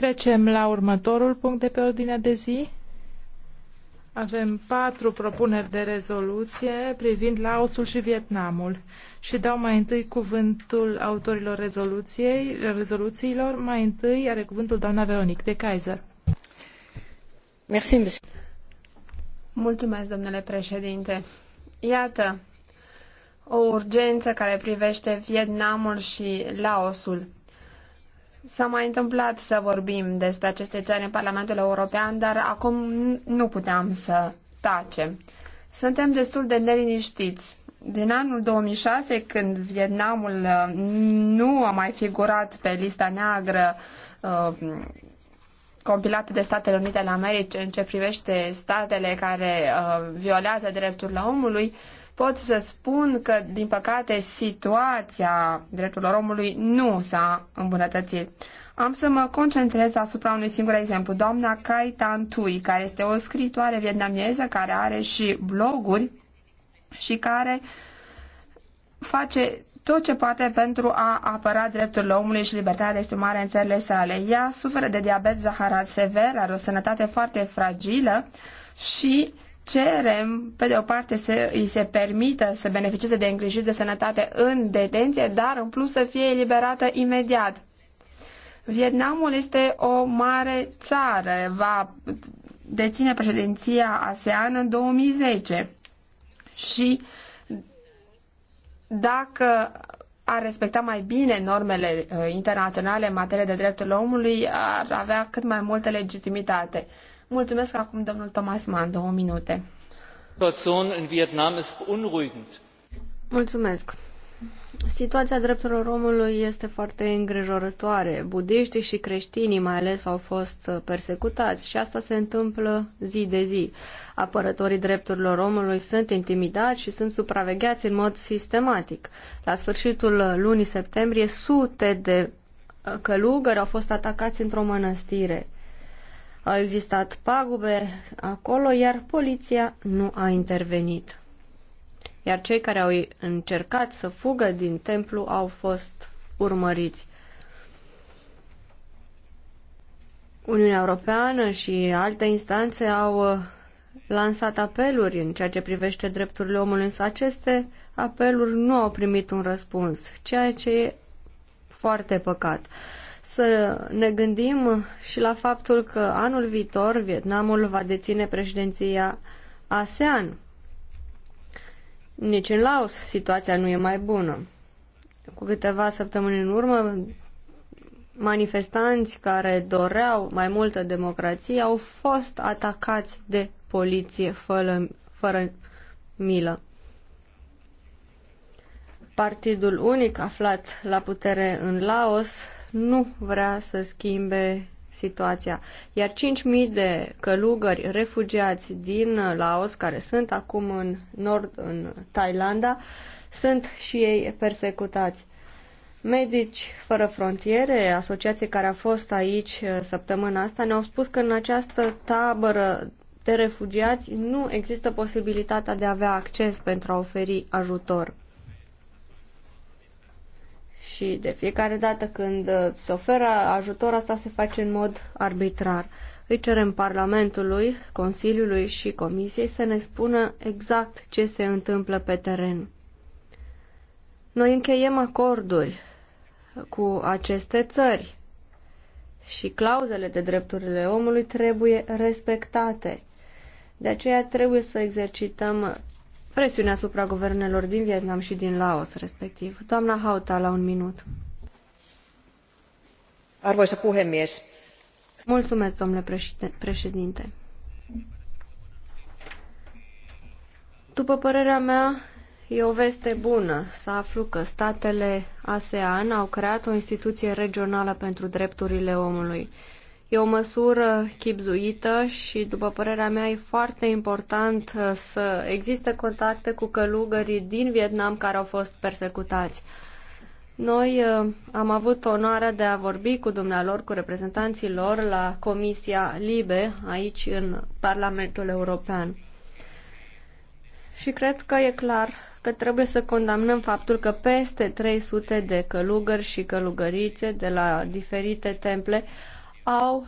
Trecem la următorul punct de pe ordinea de zi. Avem patru propuneri de rezoluție privind Laosul și Vietnamul și dau mai întâi cuvântul autorilor rezoluției, rezoluțiilor. Mai întâi are cuvântul doamna Veronic de Kaiser. Merci, Mulțumesc, domnule președinte. Iată, o urgență care privește Vietnamul și Laosul. S-a mai întâmplat să vorbim despre aceste țări în Parlamentul European, dar acum nu puteam să tacem. Suntem destul de neliniștiți. Din anul 2006, când Vietnamul uh, nu a mai figurat pe lista neagră uh, compilată de Statele Unite ale Americii în ce privește statele care uh, violează drepturile omului, pot să spun că, din păcate, situația drepturilor omului nu s-a îmbunătățit. Am să mă concentrez asupra unui singur exemplu. Doamna Kai Tan Tui, care este o scritoare vietnameză care are și bloguri și care face tot ce poate pentru a apăra drepturile omului și libertatea de exprimare în țările sale. Ea suferă de diabet zaharat sever, are o sănătate foarte fragilă și cerem, pe de o parte, să îi se permită să beneficieze de îngrijiri de sănătate în detenție, dar în plus să fie eliberată imediat. Vietnamul este o mare țară, va deține președinția ASEAN în 2010 și dacă ar respecta mai bine normele uh, internaționale în materie de drepturile omului, ar avea cât mai multă legitimitate. Mulțumesc acum domnul Thomas Mann, două minute. Mulțumesc. Situația drepturilor omului este foarte îngrijorătoare. Budiștii și creștinii mai ales au fost persecutați și asta se întâmplă zi de zi. Apărătorii drepturilor omului sunt intimidați și sunt supravegheați în mod sistematic. La sfârșitul lunii septembrie, sute de călugări au fost atacați într-o mănăstire. Au existat pagube acolo, iar poliția nu a intervenit. Iar cei care au încercat să fugă din templu au fost urmăriți. Uniunea Europeană și alte instanțe au uh, lansat apeluri în ceea ce privește drepturile omului, însă aceste apeluri nu au primit un răspuns, ceea ce e foarte păcat să ne gândim și la faptul că anul viitor Vietnamul va deține președinția ASEAN. Nici în Laos situația nu e mai bună. Cu câteva săptămâni în urmă, manifestanți care doreau mai multă democrație au fost atacați de poliție fără, fără milă. Partidul unic aflat la putere în Laos nu vrea să schimbe situația. Iar 5.000 de călugări refugiați din Laos, care sunt acum în nord, în Thailanda, sunt și ei persecutați. Medici Fără Frontiere, asociație care a fost aici uh, săptămâna asta, ne-au spus că în această tabără de refugiați nu există posibilitatea de a avea acces pentru a oferi ajutor. Și de fiecare dată când uh, se oferă ajutor, asta se face în mod arbitrar. Îi cerem Parlamentului, Consiliului și Comisiei să ne spună exact ce se întâmplă pe teren. Noi încheiem acorduri cu aceste țări și clauzele de drepturile omului trebuie respectate. De aceea trebuie să exercităm presiune asupra guvernelor din Vietnam și din Laos, respectiv. Doamna Hauta, la un minut. Arvoisa puhemies. Mulțumesc, domnule președinte. După părerea mea, e o veste bună să aflu că statele ASEAN au creat o instituție regională pentru drepturile omului. E o măsură chipzuită și, după părerea mea, e foarte important uh, să existe contacte cu călugării din Vietnam care au fost persecutați. Noi uh, am avut onoarea de a vorbi cu dumnealor, cu reprezentanții lor, la Comisia Libe, aici în Parlamentul European. Și cred că e clar că trebuie să condamnăm faptul că peste 300 de călugări și călugărițe de la diferite temple au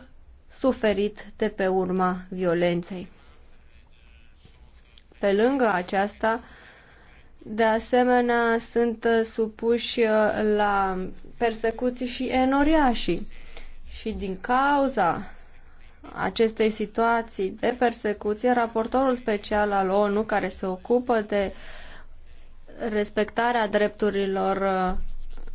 suferit de pe urma violenței. Pe lângă aceasta, de asemenea, sunt supuși la persecuții și enoriașii. Și din cauza acestei situații de persecuție, raportorul special al ONU, care se ocupă de respectarea drepturilor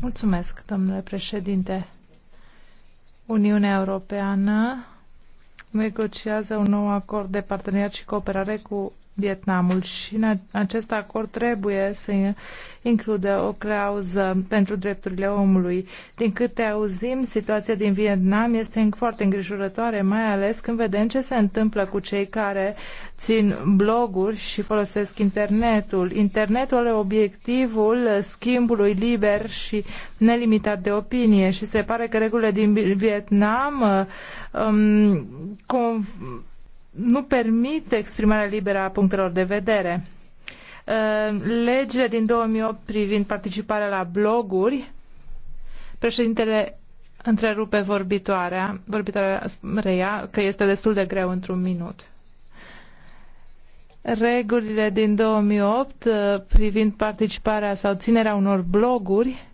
Mulțumesc, domnule președinte. Uniunea Europeană negociază un nou acord de parteneriat și cooperare cu Vietnamul și în acest acord trebuie să includă o clauză pentru drepturile omului. Din câte auzim, situația din Vietnam este foarte îngrijorătoare, mai ales când vedem ce se întâmplă cu cei care țin bloguri și folosesc internetul. Internetul are obiectivul schimbului liber și nelimitat de opinie și se pare că regulile din Vietnam uh, um, nu permit exprimarea liberă a punctelor de vedere. Uh, legile din 2008 privind participarea la bloguri, președintele întrerupe vorbitoarea, vorbitoarea reia că este destul de greu într-un minut. Regulile din 2008 uh, privind participarea sau ținerea unor bloguri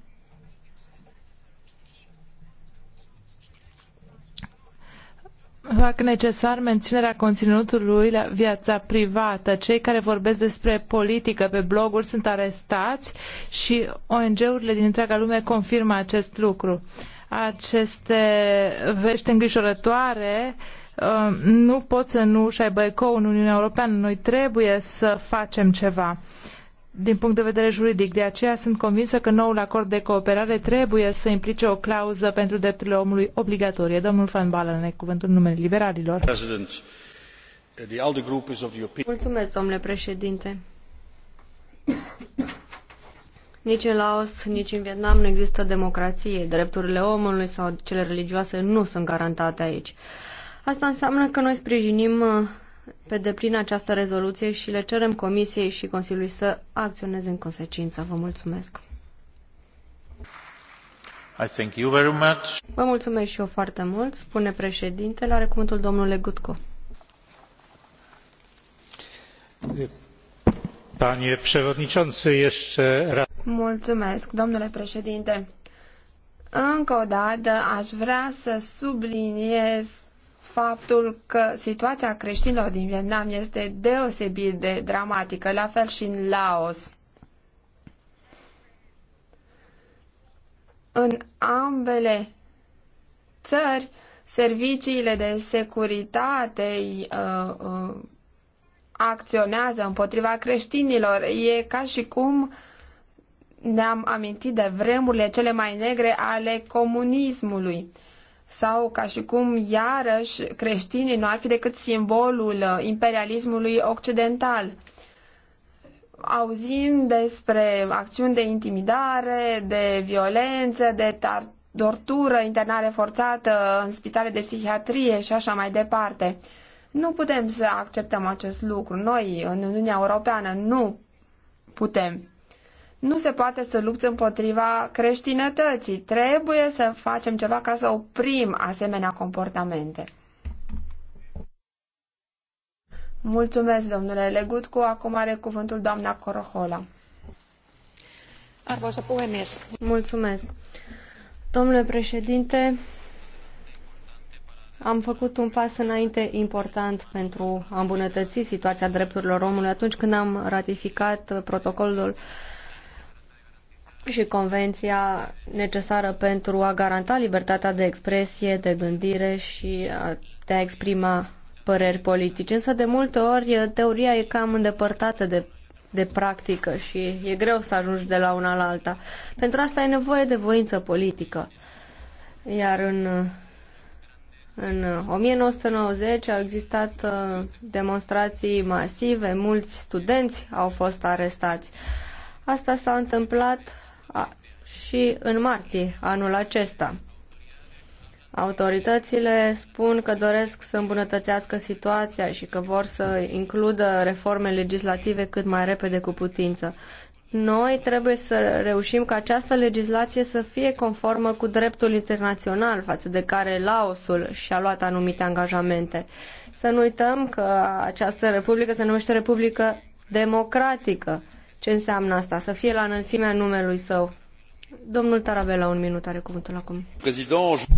fac necesar menținerea conținutului la viața privată. Cei care vorbesc despre politică pe bloguri sunt arestați și ONG-urile din întreaga lume confirmă acest lucru. Aceste vești îngrijorătoare uh, nu pot să nu și aibă ecou în Uniunea Europeană. Noi trebuie să facem ceva din punct de vedere juridic. De aceea sunt convinsă că noul acord de cooperare trebuie să implice o clauză pentru drepturile omului obligatorie. Domnul Van Balen, cuvântul numele liberalilor. Mulțumesc, domnule președinte. Nici în Laos, nici în Vietnam nu există democrație. Drepturile omului sau cele religioase nu sunt garantate aici. Asta înseamnă că noi sprijinim uh, pe deplin această rezoluție și le cerem Comisiei și Consiliului să acționeze în consecință. Vă mulțumesc! I thank you very much. Vă mulțumesc și eu foarte mult, spune președinte, la cuvântul domnule Gutko. Panie przewodniczący, jeszcze raz. Mulțumesc, domnule președinte. Încă o dată aș vrea să subliniez faptul că situația creștinilor din Vietnam este deosebit de dramatică, la fel și în Laos. În ambele țări, serviciile de securitate uh, uh, acționează împotriva creștinilor. E ca și cum ne-am amintit de vremurile cele mai negre ale comunismului sau ca și cum iarăși creștinii nu ar fi decât simbolul uh, imperialismului occidental. Auzim despre acțiuni de intimidare, de violență, de tortură, internare forțată în spitale de psihiatrie și așa mai departe. Nu putem să acceptăm acest lucru. Noi, în Uniunea Europeană, nu putem. Nu se poate să lupți împotriva creștinătății. Trebuie să facem ceva ca să oprim asemenea comportamente. Mulțumesc, domnule Legutcu. Acum are cuvântul doamna Corohola. Arvoisa puhemies. Mulțumesc. Domnule președinte, am făcut un pas înainte important pentru a îmbunătăți situația drepturilor omului atunci când am ratificat protocolul uh, și convenția necesară pentru a garanta libertatea de expresie, de gândire și de a exprima păreri politice. Însă, de multe ori, teoria e cam îndepărtată de, de practică și e greu să ajungi de la una la alta. Pentru asta e nevoie de voință politică. Iar în, în 1990 au existat uh, demonstrații masive, mulți studenți au fost arestați. Asta s-a întâmplat și în martie anul acesta. Autoritățile spun că doresc să îmbunătățească situația și că vor să includă reforme legislative cât mai repede cu putință. Noi trebuie să reușim ca această legislație să fie conformă cu dreptul internațional față de care Laosul și-a luat anumite angajamente. Să nu uităm că această republică se numește Republică Democratică ce înseamnă asta? Să fie la înălțimea numelui său. Domnul Tarabella, un minut are cuvântul acum.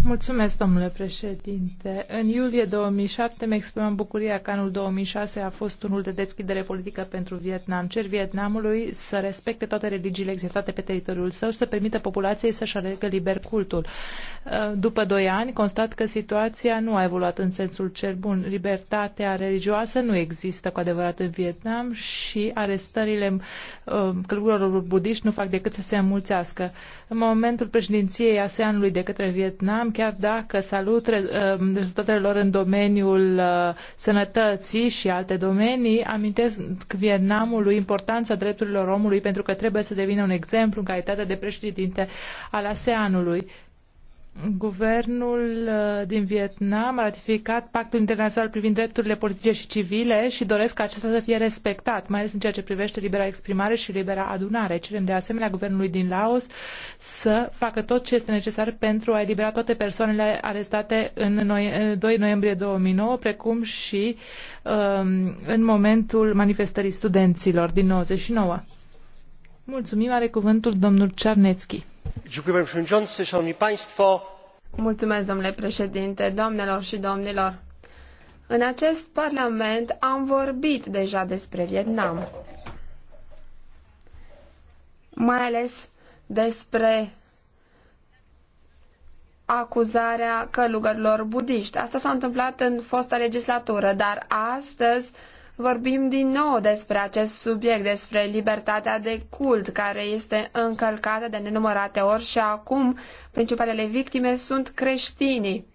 Mulțumesc, domnule președinte. În iulie 2007 mi exprimam bucuria că anul 2006 a fost unul de deschidere politică pentru Vietnam. Cer Vietnamului să respecte toate religiile existate pe teritoriul său și să permită populației să-și aleagă liber cultul. Uh, după doi ani, constat că situația nu a evoluat în sensul cel bun. Libertatea religioasă nu există cu adevărat în Vietnam și arestările uh, călugărilor budiști nu fac decât să se înmulțească în momentul președinției ASEAN-ului de către Vietnam, chiar dacă salut um, rezultatele lor în domeniul uh, sănătății și alte domenii, amintesc Vietnamului importanța drepturilor omului pentru că trebuie să devină un exemplu în calitate de președinte al ASEAN-ului. Guvernul uh, din Vietnam a ratificat pactul internațional privind drepturile politice și civile și doresc ca acesta să fie respectat, mai ales în ceea ce privește libera exprimare și libera adunare. Cerem de asemenea guvernului din Laos să facă tot ce este necesar pentru a elibera toate persoanele arestate în 2 noiembrie 2009, precum și um, în momentul manifestării studenților din 99. Mulțumim, are cuvântul domnul Cernețchi. Mulțumesc, domnule președinte, și domnilor. În acest parlament am vorbit deja despre Vietnam. Mai ales despre acuzarea călugărilor budiști. Asta s-a întâmplat în fosta legislatură, dar astăzi vorbim din nou despre acest subiect, despre libertatea de cult, care este încălcată de nenumărate ori și acum principalele victime sunt creștinii.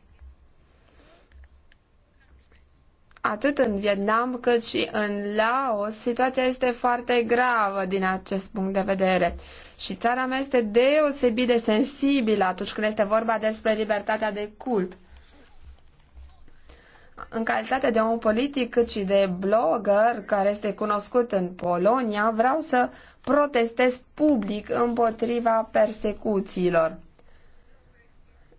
Atât în Vietnam cât și în Laos, situația este foarte gravă din acest punct de vedere. Și țara mea este deosebit de sensibilă atunci când este vorba despre libertatea de cult. În calitate de om politic, cât și de blogger care este cunoscut în Polonia, vreau să protestez public împotriva persecuțiilor.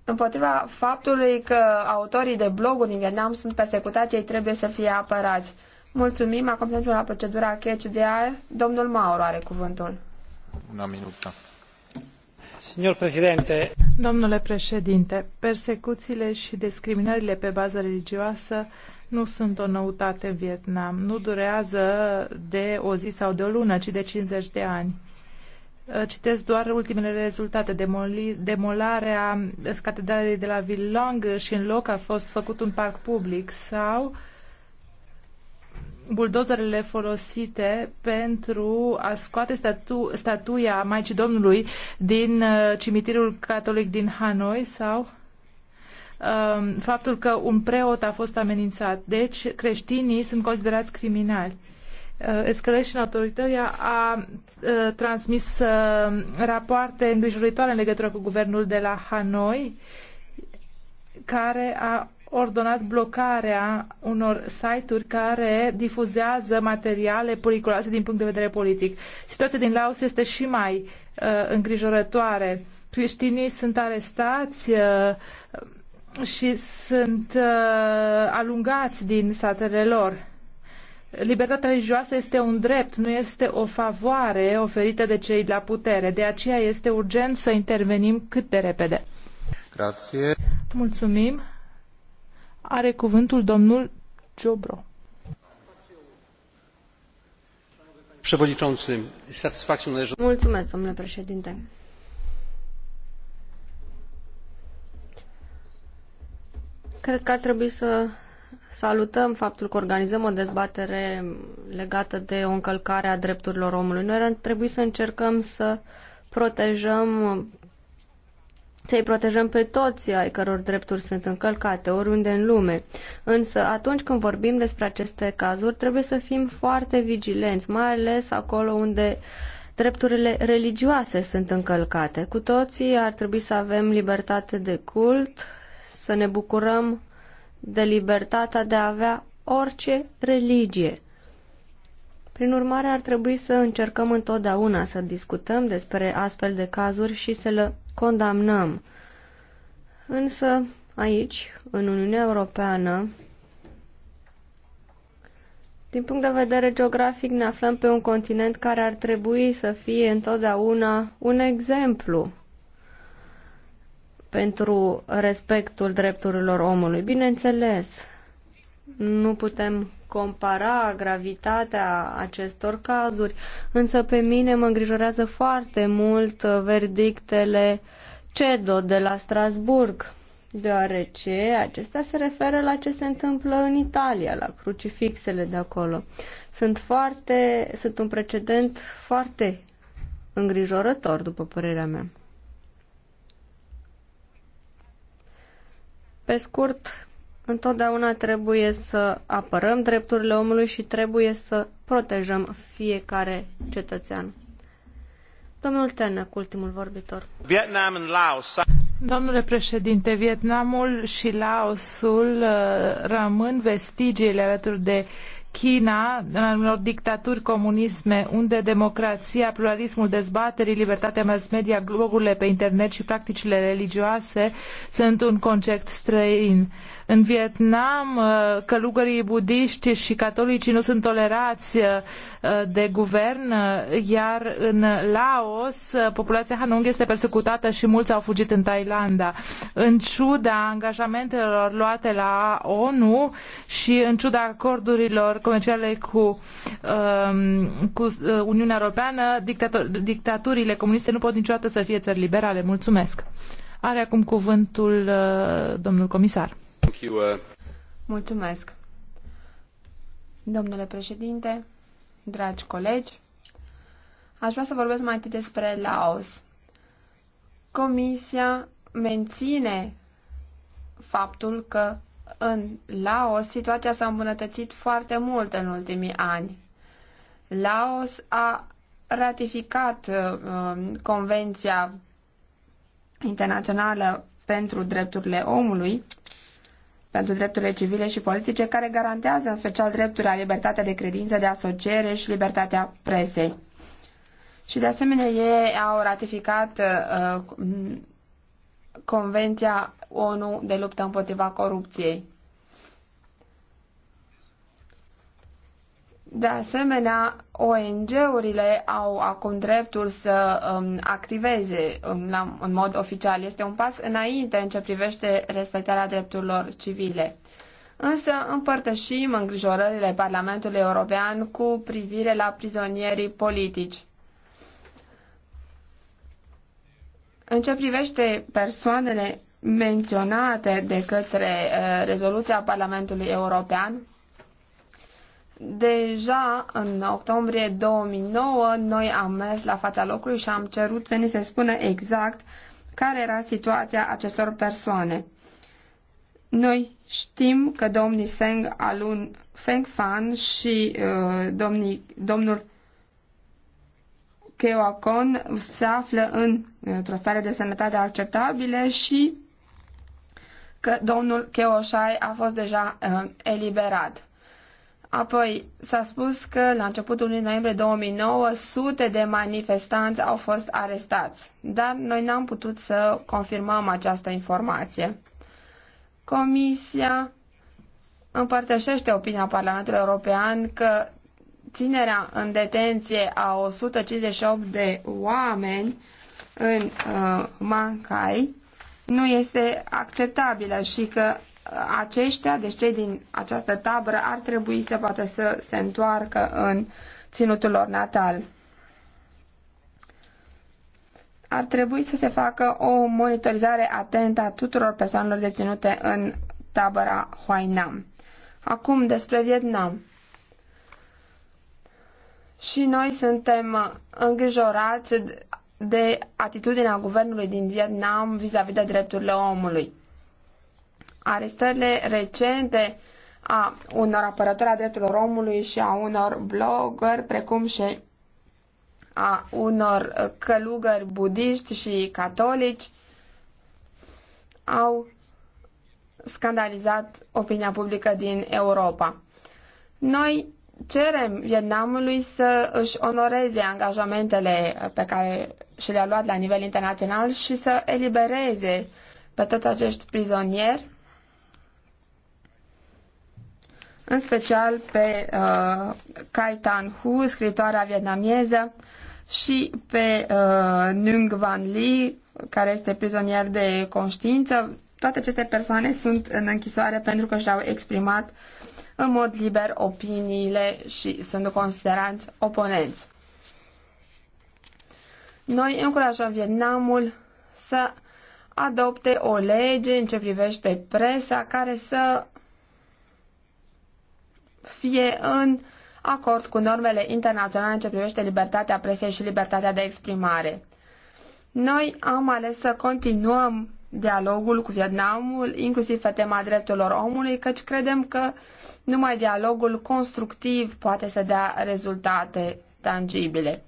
Împotriva faptului că autorii de bloguri din Vietnam sunt persecutați, ei trebuie să fie apărați. Mulțumim, acum pentru la procedura catch de aer. Domnul Mauro are cuvântul. Una minută. Domnule președinte, persecuțiile și discriminările pe bază religioasă nu sunt o noutate în Vietnam. Nu durează de o zi sau de o lună, ci de 50 de ani. Ă, citesc doar ultimele rezultate. Demoli, demolarea catedralei de la Villong și în loc a fost făcut un parc public sau uh, buldozerele folosite pentru a scoate statu- statuia Maicii Domnului din uh, cimitirul catolic din Hanoi sau um, faptul că un preot a fost amenințat. Deci creștinii sunt considerați criminali. Uh, Escalation Autoritatea a uh, transmis uh, rapoarte îngrijoritoare în legătură cu guvernul de la Hanoi care a ordonat blocarea unor site-uri care difuzează materiale periculoase din punct de vedere politic. Situația din Laos este și mai uh, îngrijorătoare. Creștinii sunt arestați uh, și sunt uh, alungați din satele lor. Libertatea religioasă este un drept, nu este o favoare oferită de cei de la putere. De aceea este urgent să intervenim cât de repede. Grazie. Mulțumim. Are cuvântul domnul Ciobro. Mulțumesc, domnule președinte. Cred că ar trebui să salutăm faptul că organizăm o dezbatere legată de o încălcare a drepturilor omului. Noi ar trebui să încercăm să protejăm să-i protejăm pe toți ai căror drepturi sunt încălcate oriunde în lume. Însă, atunci când vorbim despre aceste cazuri, trebuie să fim foarte vigilenți, mai ales acolo unde drepturile religioase sunt încălcate. Cu toții ar trebui să avem libertate de cult, să ne bucurăm de libertatea de a avea orice religie. Prin urmare, ar trebui să încercăm întotdeauna să discutăm despre astfel de cazuri și să le condamnăm. Însă, aici, în Uniunea Europeană, din punct de vedere geografic, ne aflăm pe un continent care ar trebui să fie întotdeauna un exemplu pentru respectul drepturilor omului. Bineînțeles, nu putem compara gravitatea acestor cazuri, însă pe mine mă îngrijorează foarte mult verdictele CEDO de la Strasburg, deoarece acestea se referă la ce se întâmplă în Italia, la crucifixele de acolo. Sunt foarte, sunt un precedent foarte îngrijorător, după părerea mea. Pe scurt, Întotdeauna trebuie să apărăm drepturile omului și trebuie să protejăm fiecare cetățean. Domnul cu ultimul vorbitor. Vietnam and Laos. Domnule președinte, Vietnamul și Laosul uh, rămân vestigiile alături de China, în unor dictaturi comunisme, unde democrația, pluralismul dezbaterii, libertatea mass media, blogurile pe internet și practicile religioase sunt un concept străin. În Vietnam, uh, călugării budiști și catolicii nu sunt tolerați uh, de guvern, uh, iar în Laos, populația Hanung este persecutată și mulți au fugit în Thailanda. În ciuda angajamentelor luate la ONU și în ciuda acordurilor comerciale cu, um, cu Uniunea Europeană, dictator, dictaturile comuniste nu pot niciodată să fie țări liberale. Mulțumesc! Are acum cuvântul domnul comisar. Uh, Domnule președinte, dragi colegi, aș vrea să vorbesc mai întâi despre Laos. Comisia menține faptul că în Laos situația s-a îmbunătățit foarte mult în ultimii ani. Laos a ratificat uh, um, Convenția Internațională pentru Drepturile Omului pentru drepturile civile și politice, care garantează în special dreptul la libertatea de credință, de asociere și libertatea presei. Și de asemenea, ei au ratificat uh, uh Convenția ONU de luptă împotriva corupției. De asemenea, ONG-urile au acum dreptul să um, activeze în, um, la, în mod oficial. Este un pas înainte în ce privește respectarea drepturilor civile. Însă împărtășim îngrijorările Parlamentului European cu privire la prizonierii politici. În ce privește persoanele menționate de către uh, rezoluția Parlamentului European, Deja în octombrie 2009 noi am mers la fața locului și am cerut să ni se spună exact care era situația acestor persoane. Noi știm că domnii Seng Alun Feng Fan și uh, domnii, domnul Keoacon se află în, într-o stare de sănătate acceptabile și că domnul Keoșai a fost deja uh, eliberat. Apoi s-a spus că la începutul lunii noiembrie 2009 sute de manifestanți au fost arestați, dar noi n-am putut să confirmăm această informație. Comisia împărtășește opinia Parlamentului European că ținerea în detenție a 158 de oameni în uh, Mancai nu este acceptabilă și că aceștia, deci cei din această tabără, ar trebui să poată să se întoarcă în ținutul lor natal. Ar trebui să se facă o monitorizare atentă a tuturor persoanelor deținute în tabăra Huainam. Acum despre Vietnam. Și noi suntem îngrijorați de atitudinea guvernului din Vietnam vis-a-vis -vis de drepturile omului arestările recente a unor apărători a drepturilor omului și a unor blogger, precum și a unor uh, călugări budiști și catolici, au scandalizat opinia publică din Europa. Noi cerem Vietnamului să își onoreze angajamentele pe care și le-a luat la nivel internațional și să elibereze pe toți acești prizonieri în special pe uh, Kai Tan Hu, scritoarea vietnamieză, și pe uh, Nung Van Li, care este prizonier de conștiință. Toate aceste persoane sunt în închisoare pentru că și-au exprimat în mod liber opiniile și sunt considerați oponenți. Noi încurajăm Vietnamul să adopte o lege în ce privește presa care să fie în acord cu normele internaționale în ce privește libertatea presei și libertatea de exprimare. Noi am ales să continuăm dialogul cu Vietnamul, inclusiv pe tema drepturilor omului, căci credem că numai dialogul constructiv poate să dea rezultate tangibile.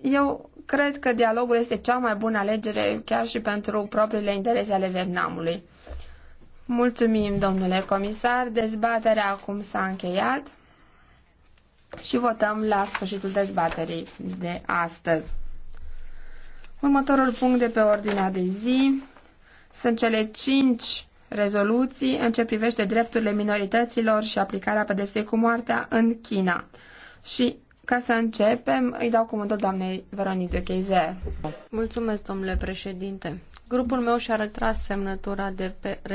Eu cred că dialogul este cea mai bună alegere chiar și pentru propriile interese ale Vietnamului. Mulțumim, domnule comisar. Dezbaterea acum s-a încheiat și votăm la sfârșitul dezbaterii de astăzi. Următorul punct de pe ordinea de zi sunt cele cinci rezoluții în ce privește drepturile minorităților și aplicarea pedepsei cu moartea în China. Și ca să începem, îi dau cuvântul doamnei Veronica Cheize. Mulțumesc, domnule președinte. Grupul meu și-a retras semnătura de pe